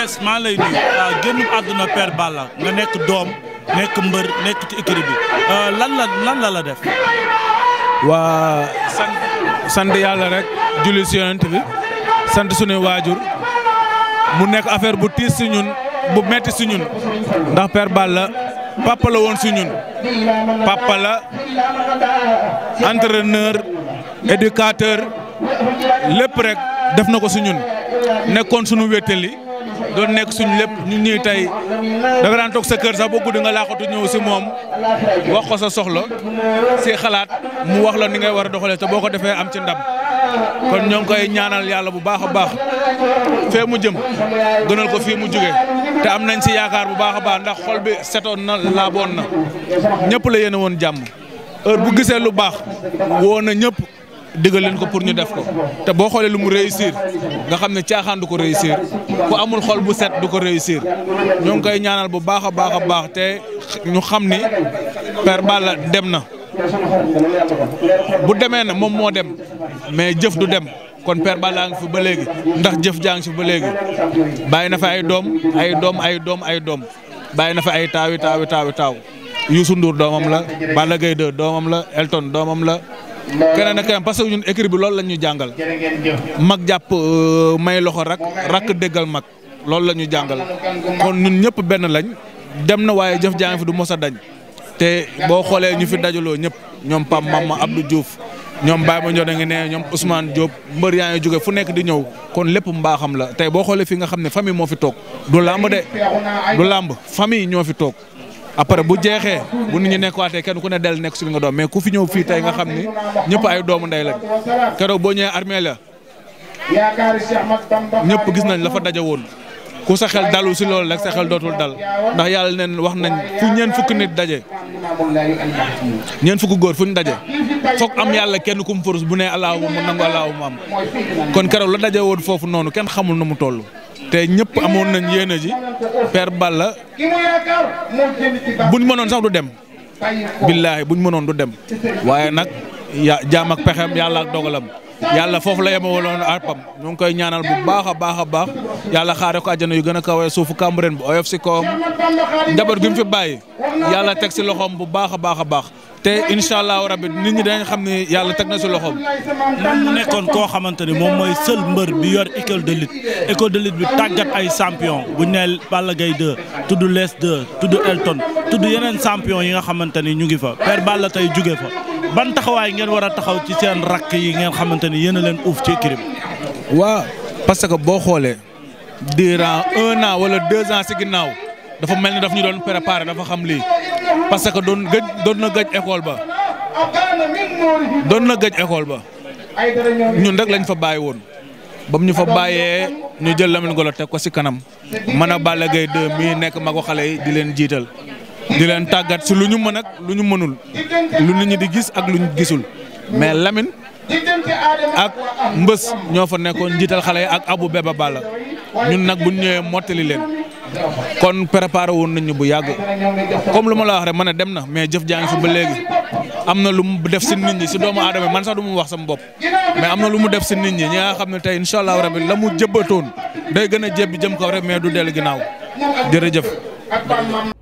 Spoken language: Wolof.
Mees maa lay nuyu waaw ah, génn àdduna Père Balla nga nekk doom nekk mbër nekk ci écurie bi ah, lan la lan la la def. waa sant sant yàlla rek julli si bi sant suñu waajur mu nekk affaire bu tiis si ñun bu metti si ndax Père Balla papa woon si ñun papa la entraîneur lépp rek def na ko si nekkoon suñu wéttali doon nekk suñ lépp ñu ñuy tey da nga daan toog sa kër sax ba guddi nga laaxatu ñëw si moom wax ko sa soxla si xalaat mu wax la ni ngay war a doxalee te boo ko defee am ci ndam kon ñoo ngi koy ñaanal yàlla bu baax a baax fee mu jëm gënal ko fii mu jóge te am nañ si yaakaar bu baax a baax ndax xol bi setoon na laaboon na ñëpp la yéene woon jàmm heure bu gisee lu baax woo na ñëpp. digal leen ko pour ñu def ko te boo xoolee lu mu réussir nga xam ne caaxaan du ko réussir ku amul xol bu set du ko réussir ñoo ngi koy ñaanal bu baax a baax a baax te ñu xam ni Père Balla dem na bu demee na moom moo dem mais jëf du dem kon Père Balla ngi fi ba léegi ndax jëf jaa ngi fi ba léegi bàyyi na fa ay doom ay doom ay doom ay doom bàyyi na fa ay taawi taawi taawi taaw Youssou Ndour doomam la Balla Gaye 2 doomam la Elton doomam la keneen ak keneen parce que ñun écrit bi loolu la ñu jàngal. mag jàpp euh, may loxo rak rak déggal mag loolu la ñu jàngal kon ñun ñëpp benn lañ dem na waaye jëf jaa fi du mosa dañ te boo xoolee ñu fi dajaloo ñëpp ñoom Pam Mama Abdou Diouf. ñoom Baye ma Ndione ngi ne ñoom Ousmane Diop mbër yaa ngi jóge fu nekk di ñëw kon lépp mbaaxam la tey boo xoolee fi nga xam ne famille moo fi toog du làmb de du làmb famille ñoo fi toog après bu jeexee bu ñu nekk waatee kenn ku ne del nekk si li nga doom mais ku fi ñëw fii tey nga xam ni ñëpp ay doomu nday lañ keroog boo ñëwee armée la ñëpp gis nañ la fa daje woon ku sa xel dalu si loolu rek sa xel dootul dal ndax yàlla neen wax nañ fu ñeen fukk nit daje ñeen fukk góor fu ñu daje foog am yàlla kenn ku mu forus bu ne allahuma mu nangu allahuma kon keroog la daje woon foofu noonu kenn xamul nu mu toll. te ñëpp amoon nañ yéene ji Père Balla buñ mënoon sax du dem billaahi buñ mënoon du dem waaye nag ya jaam ak pexem yàlla ak dogalam yàlla foofu la yemewaloon arpam ñu ngi koy ñaanal bu baax a baax a baax yàlla xaar ko àjjana yu gën a kawee suufu Cambérène bu oyof si kawam njaboot gi mu fi bàyyi yàlla teg si loxoom bu baax a baax a baax te incha allahu rabbi nit ñi dañ xam ne yàlla teg na si loxoom. mu nekkoon koo xamante ni moom mooy seul mbër bi yor école de lutte école de lutte bi tàggat ay champion bu ñu nee Balla Gaye 2 tudd Les 2 tudd Elton tudd yeneen champion yi nga xamante ni ñu ngi fa Père Balla tey jóge fa ban taxawaay ngeen war a taxaw ci seen rakk yi ngeen xamante ni yéen leen uuf ci kirib. waaw parce que boo xoolee durant un an wala deux ans si ginnaaw dafa mel ni daf ñu doon préparer dafa xam lii. parce que doon gëj doon na gëj école ba doon na gëj école ba ñun rek lañ fa bàyyi woon ba mu ñu fa bàyyee ñu jël Lamine Golo teg ko si kanam mën a Balla Gaye 2 mii nekk magu xale yi di leen jiital di leen tàggat si lu ñu mën ak lu ñu mënul lu ñu di gis ak lu ñu gisul mais lamin ak mbës ñoo fa nekkoon jiital xale yi ak abu beba Balla ñun nag bu ñu ñëwee mottali leen. kon préparé woon nañu bu yàgg comme lu ma la wax rek ma ne dem na mais jëf jaa fi ba léegi am na lu mu def si nit ñi si doomu aadama man sax du mu wax sama bopp mais am na lu mu def si nit ñi ñi xam ne tey incha allah rabi la mu jëbbatoon day gën a jébbi jëm kaw rek mais du dellu ginnaaw jërëjëf.